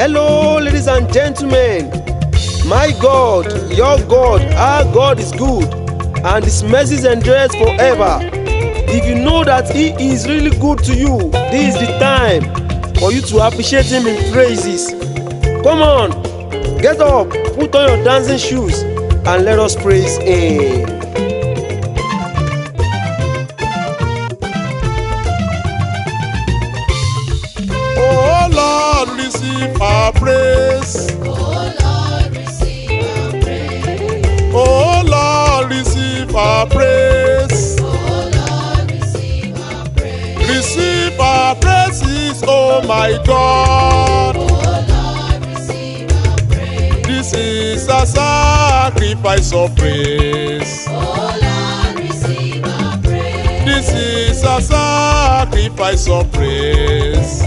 Hello, ladies and gentlemen. My God, your God, our God is good, and His mercies endures forever. If you know that He is really good to you, this is the time for you to appreciate Him in praises. Come on, get up, put on your dancing shoes, and let us praise Him. my God. Oh Lord, receive our praise. This is a sacrifice of praise. Oh Lord, receive our praise. This is a sacrifice of praise.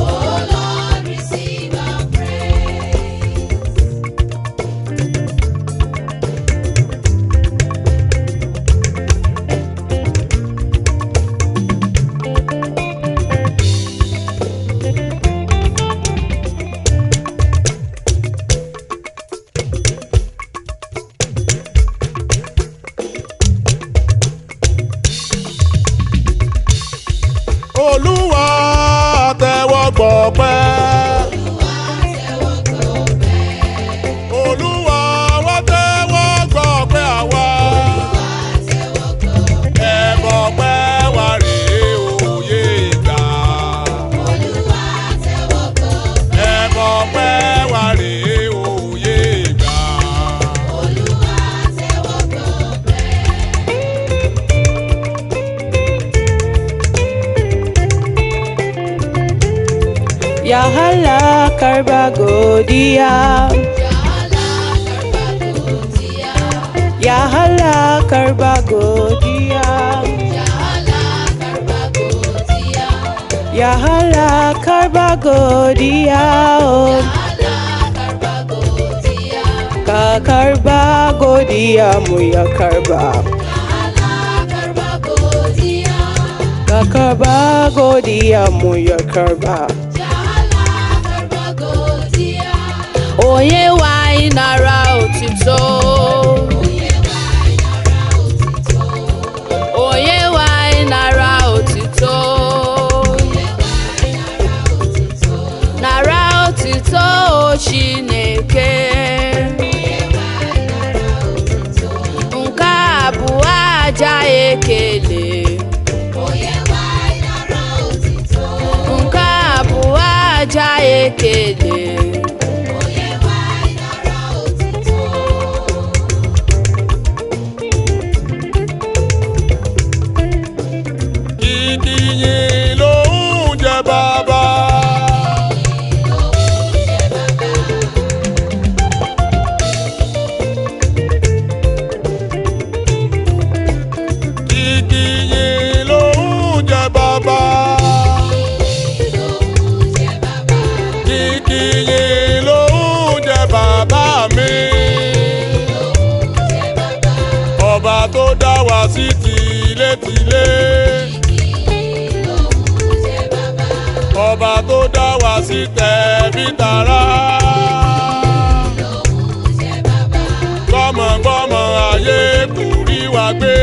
mu ya karba kakarba karba godiya mu ya karba onye nwanyị nara otuto oh, tẹ̀bí tara. gbọ́mọgbọ́mọ ayé kò rí wa gbé.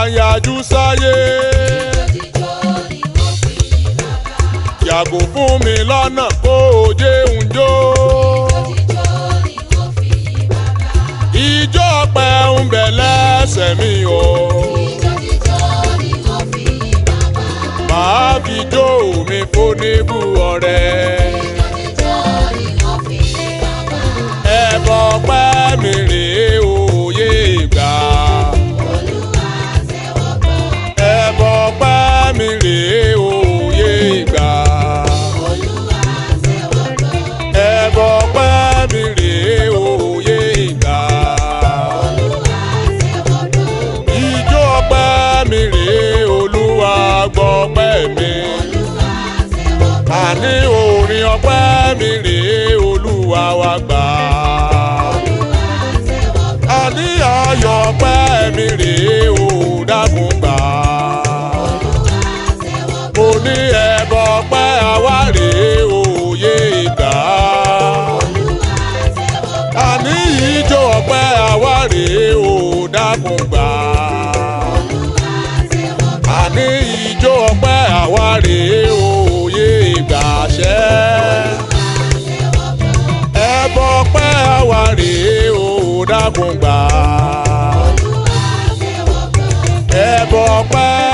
àyàjú sáyé. yàgò fún mi lọ́nà kó o jẹun jó. ijó ọpẹ ń bẹ lẹ́sẹ̀ mi o. màá fi jó mi fún níbú ọ̀rẹ́. olúwa wa rèé o dákun gbà. olúwa ẹ̀bọ̀ pẹ́.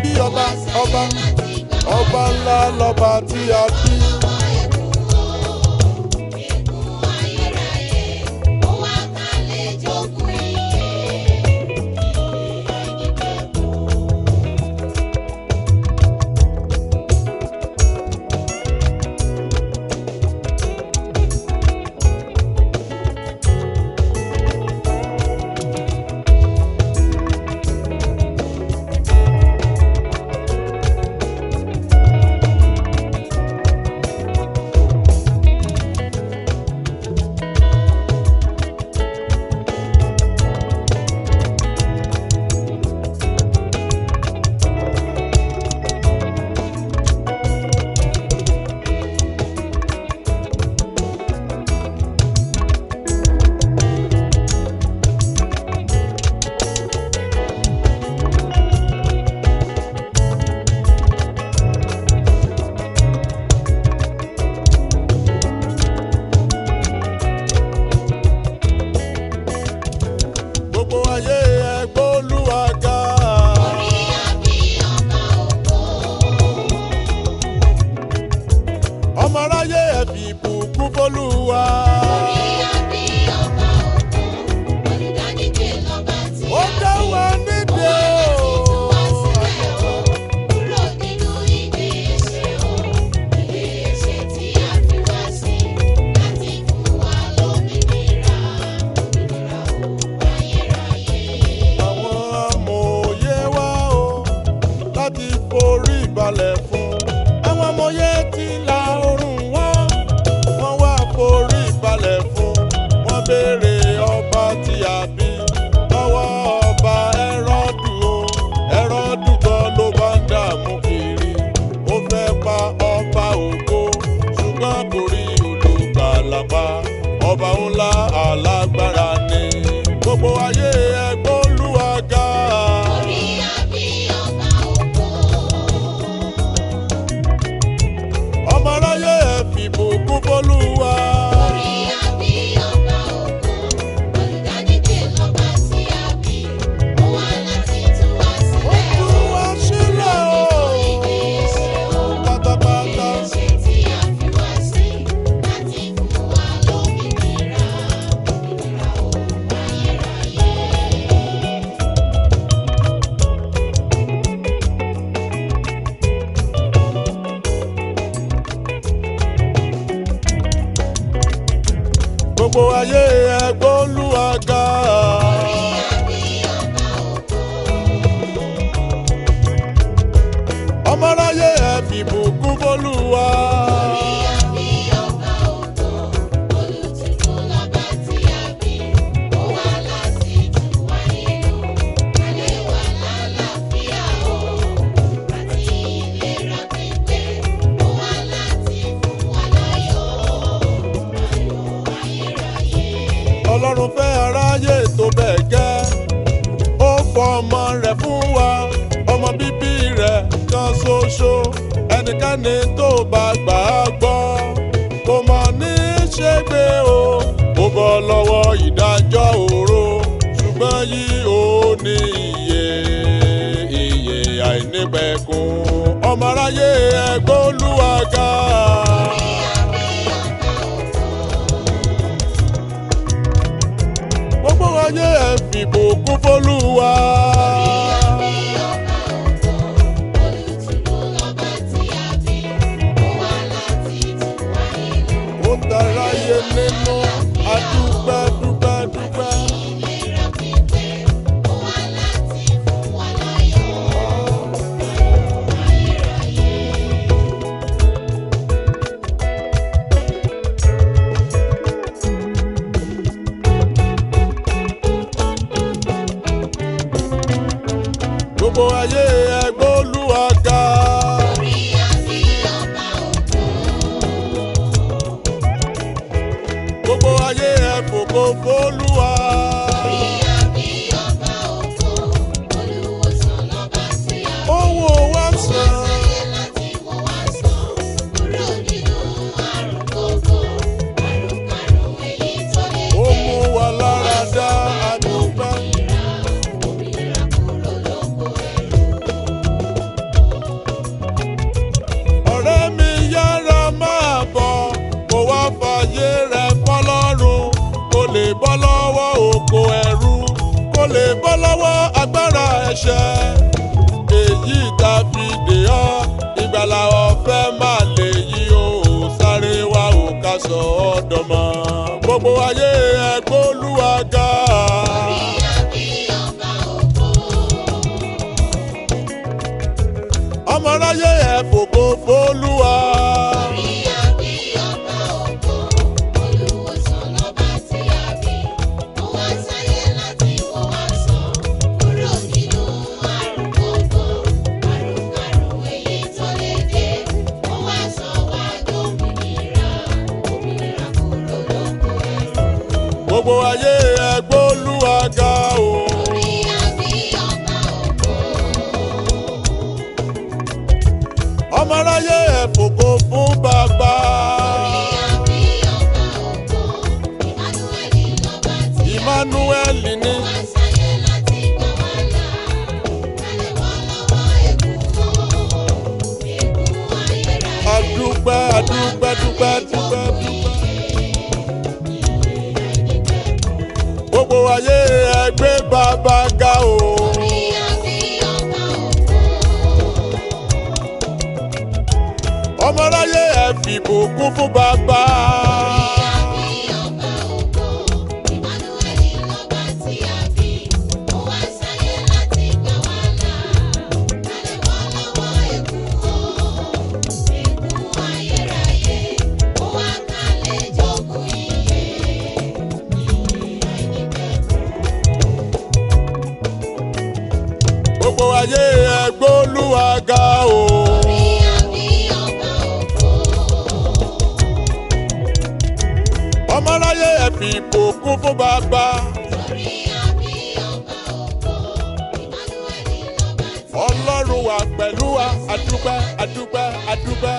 bí ọba ọba ọba ńlá lọba tí a bí. ọmọ aráyé ẹgbẹ́ olúwa ga. gbogbo ayé ẹ fìbò kún lè bọ́ lọ́wọ́ agbára ẹ̀ṣẹ̀ èyí tá a fi dè ọ́ ìgbàlà ọ̀fẹ́ máa lè yí o sáré wa ò ká sọ ọ́ dọ̀mọ́ gbogbo ayé ẹgbẹ́ olúwa ọmọ aráyé ẹ̀ fògo f'Olúwa. ayé ẹgbẹ́ bàbá ga o. ọmọ aráyé ẹ fìbò kún fún bàbá. fún fún bàbá. Ọlọ́run wà pẹ̀lú wa, àdúpẹ́, àdúpẹ́, àdúpẹ́.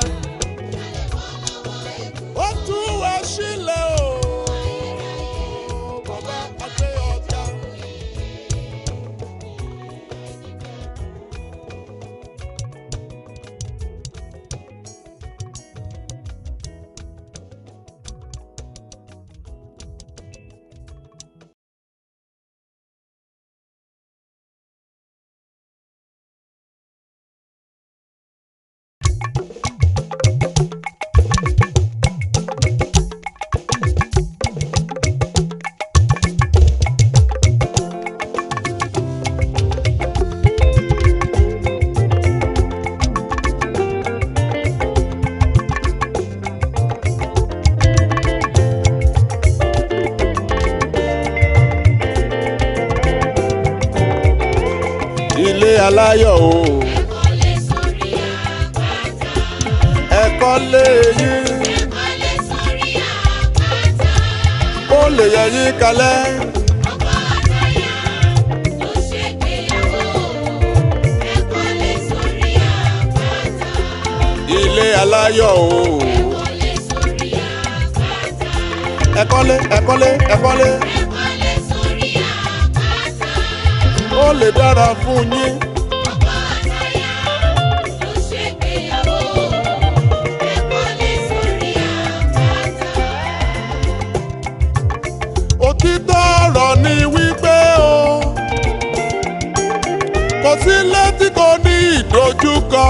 lórúkọ.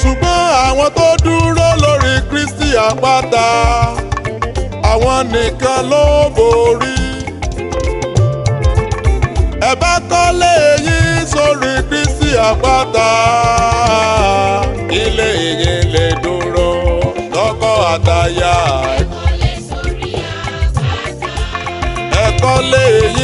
ṣùgbọ́n àwọn tó dúró lórí Kristi àpáta àwọn nìkan ló borí. ẹ bá kọ́lé yín sórí Kristi àpáta ilé yín lè dúró lọ́kọ àtaya. ẹ kọ́lé yín.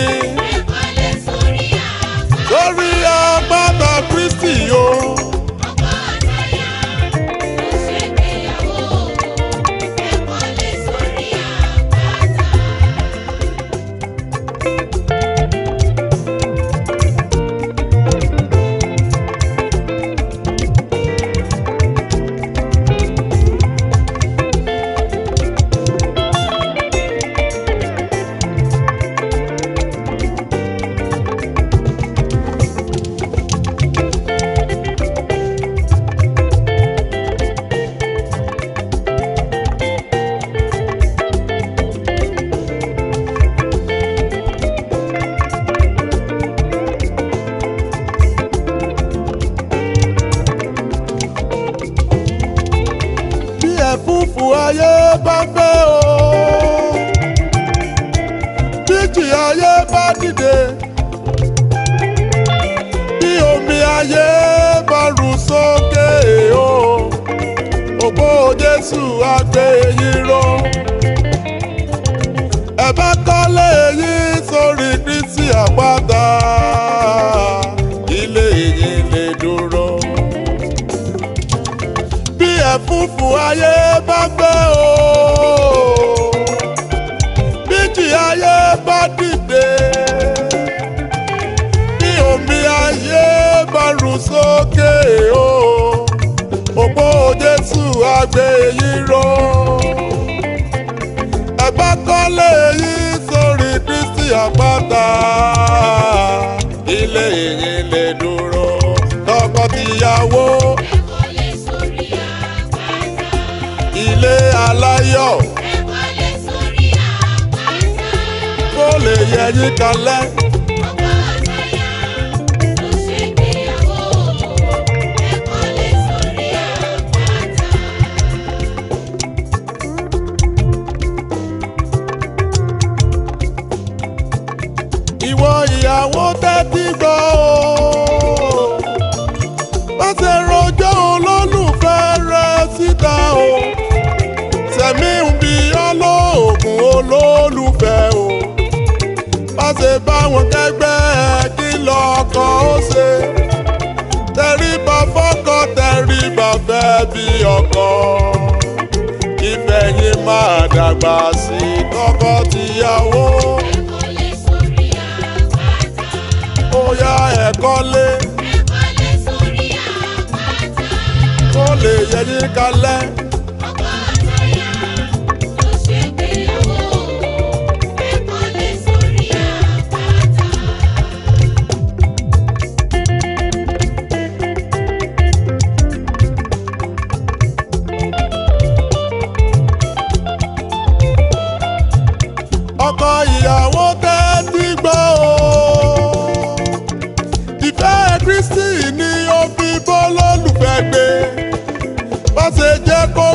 Yeah. gbàgbé yín ró ẹ bá kọ́lé yín sórí Kristi àpáta ilé yín lè dúró tọkọtìyàwó ilé aláyọ̀ kó lè yẹ yín kalẹ̀. àgbà sí tọkọ-tìyàwó. ẹ̀kọ́lé sórí àpáta. ó yá ẹ̀kọ́lé. ẹ̀kọ́lé sórí àpáta. kó lè yẹ ní kalẹ̀.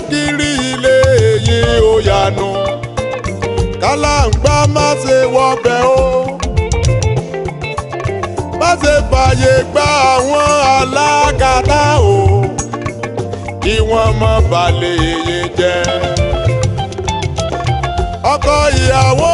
Kiri ilé yìí ó yanu kálàǹgbá má ṣe wọbẹ̀ o má se fàyè gba àwọn alágàtà o kí wọ́n má balẹ̀ èyí jẹ́ ọkọ ìyàwó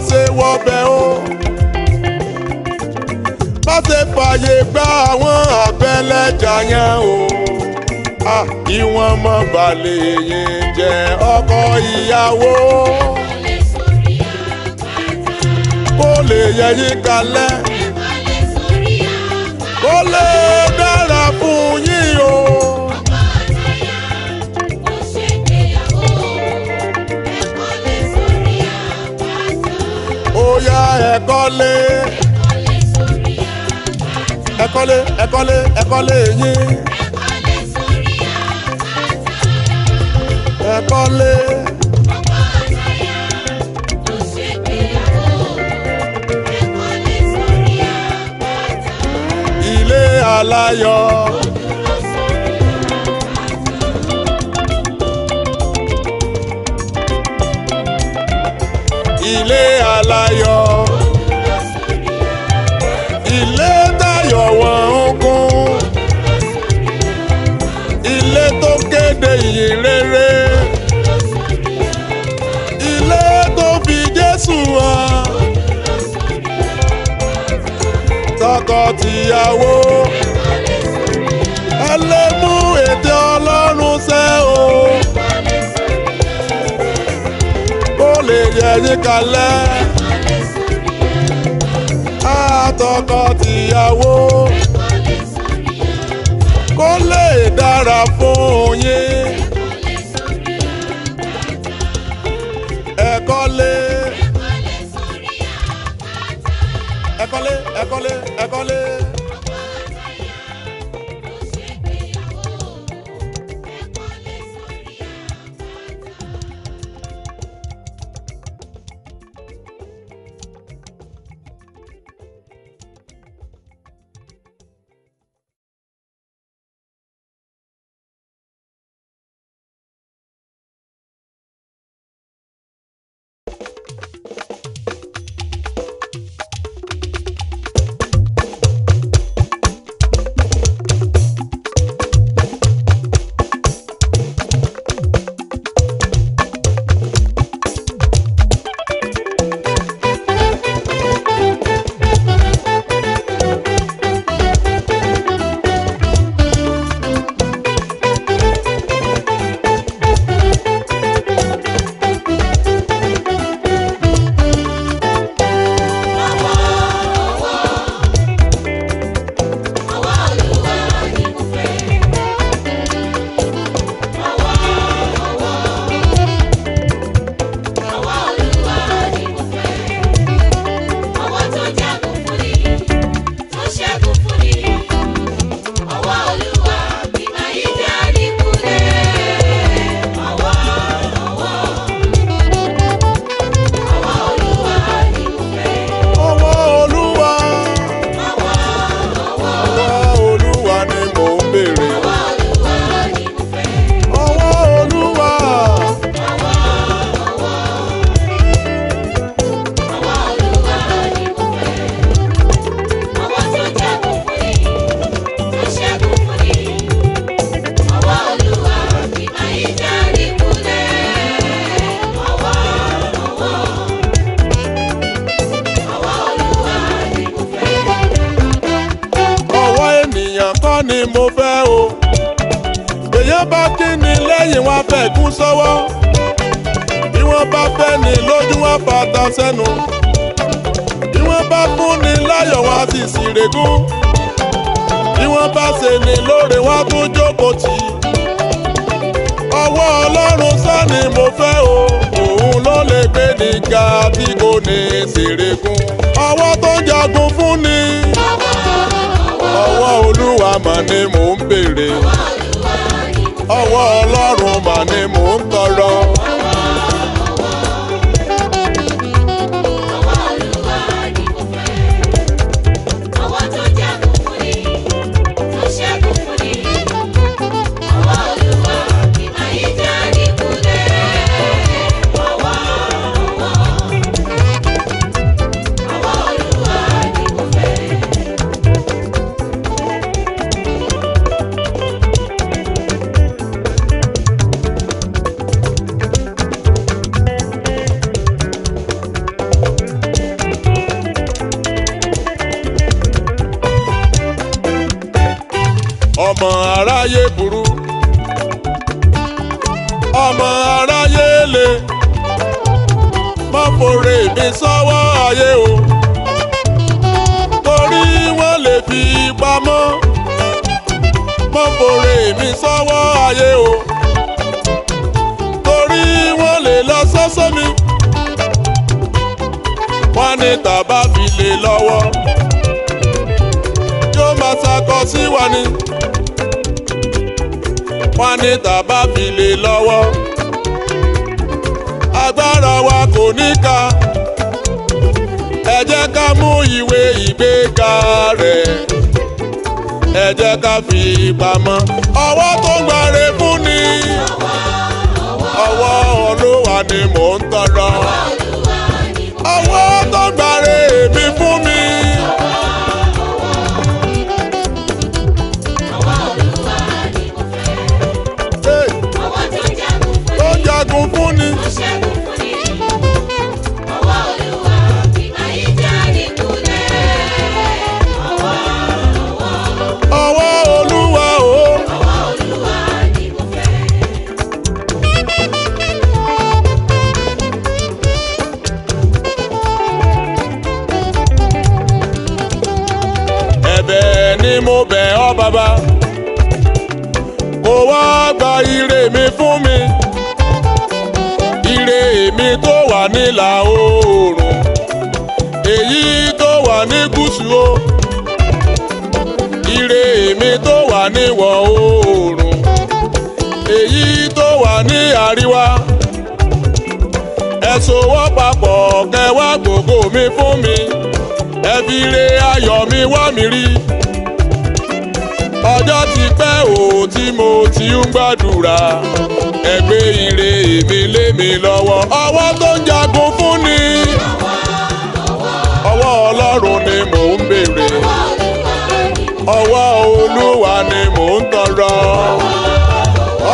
má ṣe wọbẹ̀ o má ṣe fàyè gba àwọn àbẹ̀lẹ̀jà yẹn o ìwọ̀n mọ̀ balẹ̀ yẹn jẹ́ ọkọ ìyàwó kó lè yẹ yín kalẹ̀. kọ́lé ẹ kọ́lé ẹ kọ́lé ẹ kọ́lé yín ẹ kọ́lé. Ilé aláyọ̀. mi kalẹ̀. àtọkọ tìyàwó kó lè dára fún yín. ẹ̀kọ́lé. ẹ̀kọ́lé ẹ̀kọ́lé ẹ̀kọ́lé. ga bí kò ní ṣeré kú. ẹ jẹ́ ká fi pamọ́ ọwọ́ tó ń gbàre fún ni ọwọ́ Olúwa ni mò ń tọrọ. oṣù o ire mi tó wà níwọ̀ oòrùn èyí tó wà ní àríwá ẹ sowọ́ papọ̀ kẹwà gbogbo mi fún mi ẹ fi ire ayọ̀ mi wá mi rí ọjọ́ ti pẹ́ o tí mo ti ń gbàdúrà ẹ gbé ire mi lé mi lọ́wọ́ ọwọ́ tó ń ọwọ́ olúwa ni mò ń tọrọ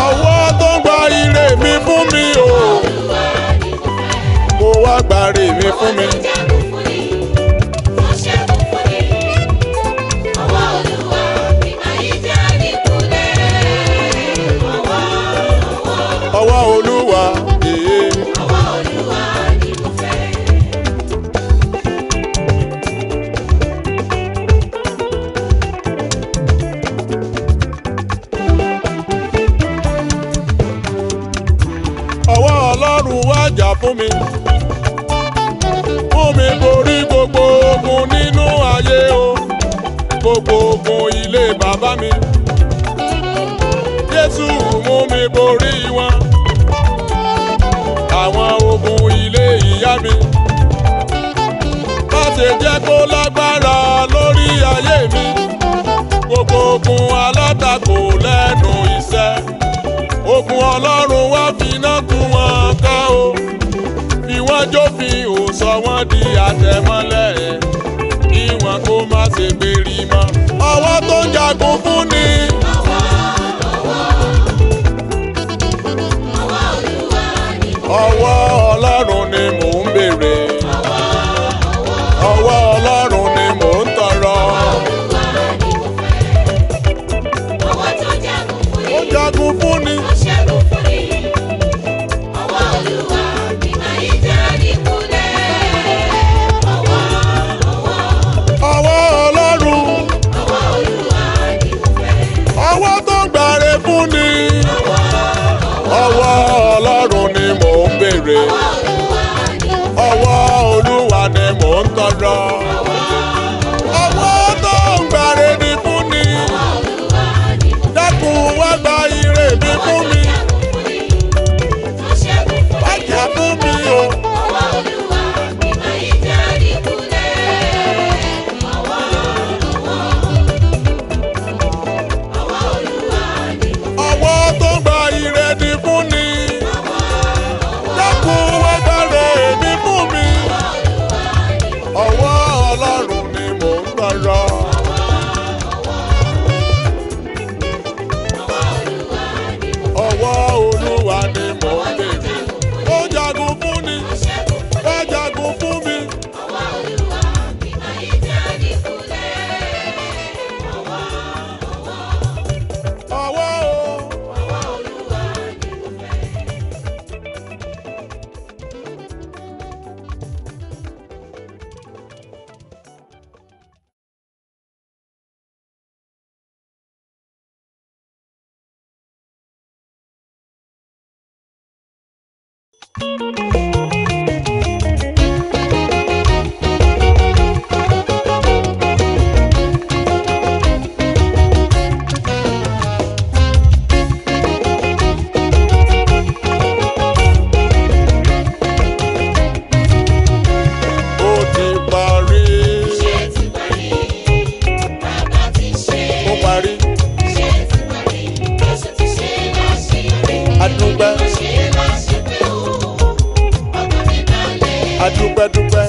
ọwọ́ tó ń gba ire mi fún mi o mo wá gba mi fún mi. àtẹ̀mọ́lẹ̀ kí wọn kó má ṣe gbérí mọ́. ọwọ́ tó ń jagun fún ni. adúpẹ́ dúpẹ́.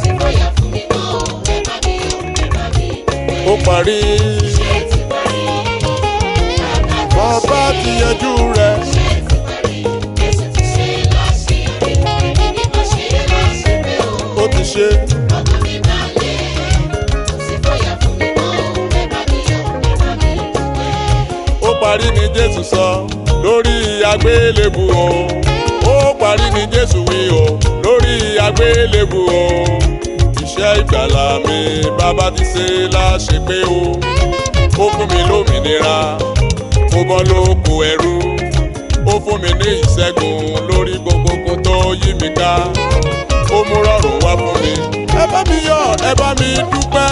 ó parí. bàbá ti yanjú rẹ̀. ó ti ṣe. ó parí ni Jésù sọ lórí àgbélébùú o ó parí ni Jésù wí o àgbélébù o iṣẹ́ ìgbàlà mi bàbá ti ṣe láṣepé o ó fún mi lómìnira ó bọ́ lóko ẹrú ó fún mi ní ìṣẹ́gun lórí gbogbo ogun tó yí mi ká ó mú rọrùn wá fún mi ẹ bá mi yọ̀ ẹ bá mi dúpẹ́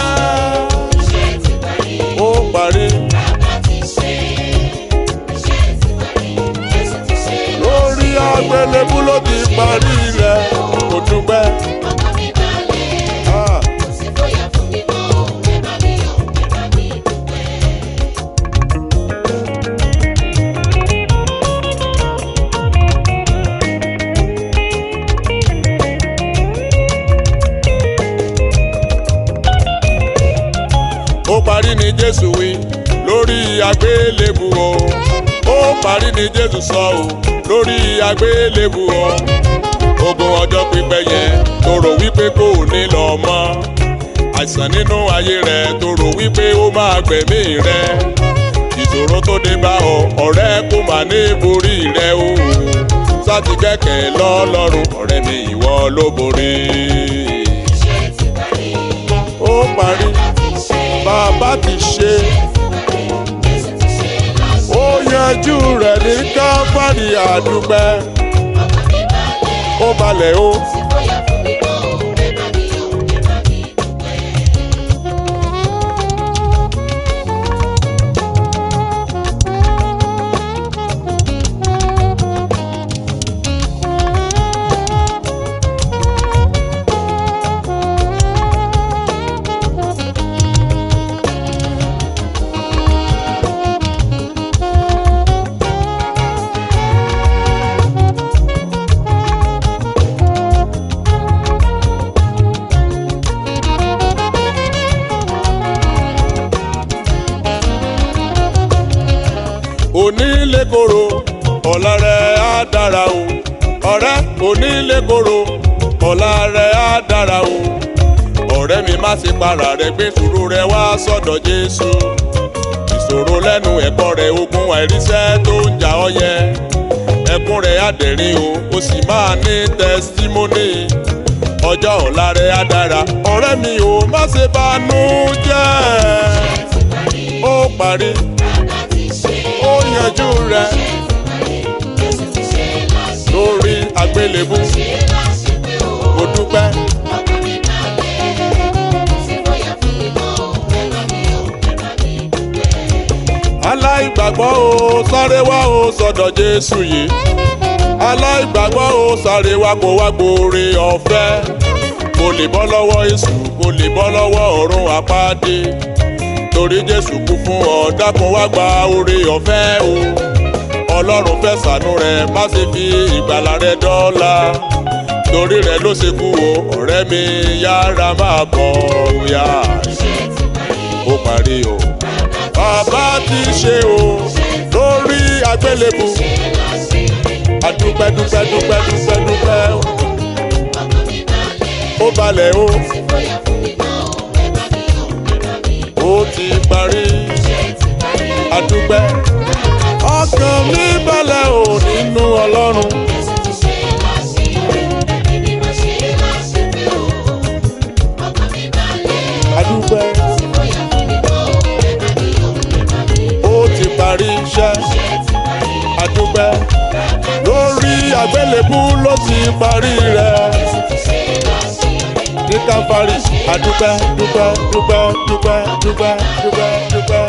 ó parí. lórí àgbélébù ló ti parí. parí ni Jésù wí lórí àgbélébù o ó parí ni Jésù sọ o lórí àgbélébù o ogun ọjọ́ pípẹ́ yẹn tó rò wípé kò ní lọ mọ́ àìsàn nínú ayé rẹ tó rò wípé ó máa gbẹ̀mí rẹ ìṣòro tó dé bá ọ ọ̀rẹ́ kò mà ní borí rẹ o sáti gbẹ́kẹ̀ lọ́lọ́run ọ̀rẹ́ mi ìwọ ló borí. ó parí bàbá ti ṣe. ó yanjú rẹ̀ ní káfáàdì àdúgbẹ́. ó balẹ̀ o. onílé koro ọ̀la rẹ̀ á dára o ọ̀rẹ́ onílé koro ọ̀la rẹ̀ á dára o ọ̀rẹ́ mi má ṣe para rẹ gbé sùúrù rẹ wá sọ́dọ̀ Jésù ìṣòro lẹ́nu ẹ̀kọ́ rẹ ogun àìríṣẹ́ tó ń jà ọ́ yẹ ẹkún rẹ á dẹ̀rín o ó sì máa ní tẹsítímọ́nì ọjọ́ ọ̀la rẹ̀ á dára ọ̀rẹ́ mi ò má ṣe banú jẹ́ ó parí rẹ lórí àgbélébú mo dúpẹ́. aláìgbàgbọ́ o sáré wá o sọ̀dọ̀ Jésù yìí aláìgbàgbọ́ o sáré wá kó wá gbòòrè ọ̀fẹ́ kò lè bọ́ lọ́wọ́ èṣù kò lè bọ́ lọ́wọ́ ọ̀run àpáàdé torí Jésù kú fún ọ dákun wá gba oore ọ̀fẹ́ o ọlọ́run fẹ́ ṣàánú rẹ má ṣe fi ìgbàlà rẹ dọ́là torí rẹ ló ṣe kú o ọ̀rẹ́ mi yára máa bọ̀ ya ó parí o bàbá ti ṣe o lórí àgbélébù adúpẹ́ dúpẹ́ dúpẹ́ dúpẹ́ dúpẹ́ ó balẹ̀ o ó ti parí adúpẹ́ ọkàn mi balẹ̀ ò nínú ọlọ́run. adúpẹ́ ó ti parí iṣẹ́ adúpẹ́ lórí àgbélébú ló ti parí rẹ̀ kíkà parí adúpẹ́ dúpẹ́ dúpẹ́ dúpẹ́ dúpẹ́ dúpẹ́ dúpẹ́.